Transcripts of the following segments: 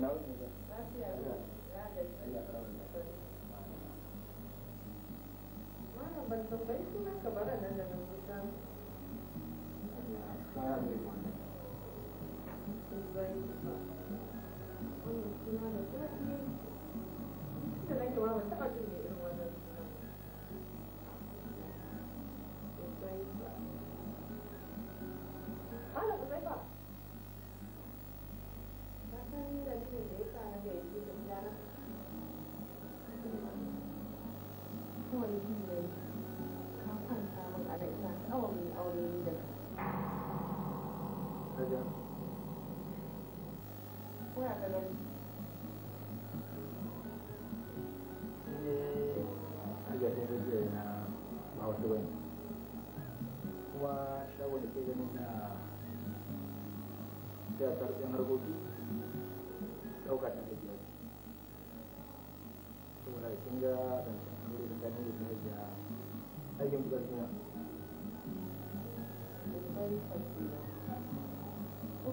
Now, Thank you. kaga waya ka gani ne kaga ɗin rajiyar kuma shago da ke ganin harkoki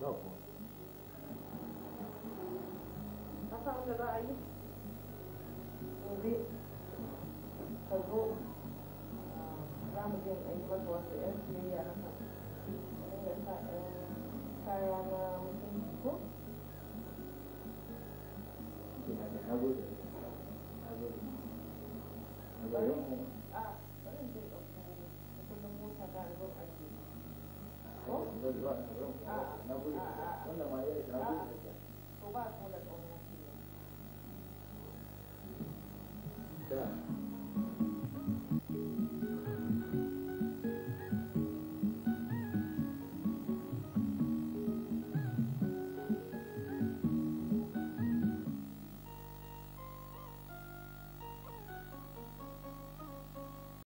da za a yi gobe ka zo za je a yi maka wasu sa kaya na mutunci ko Yeah.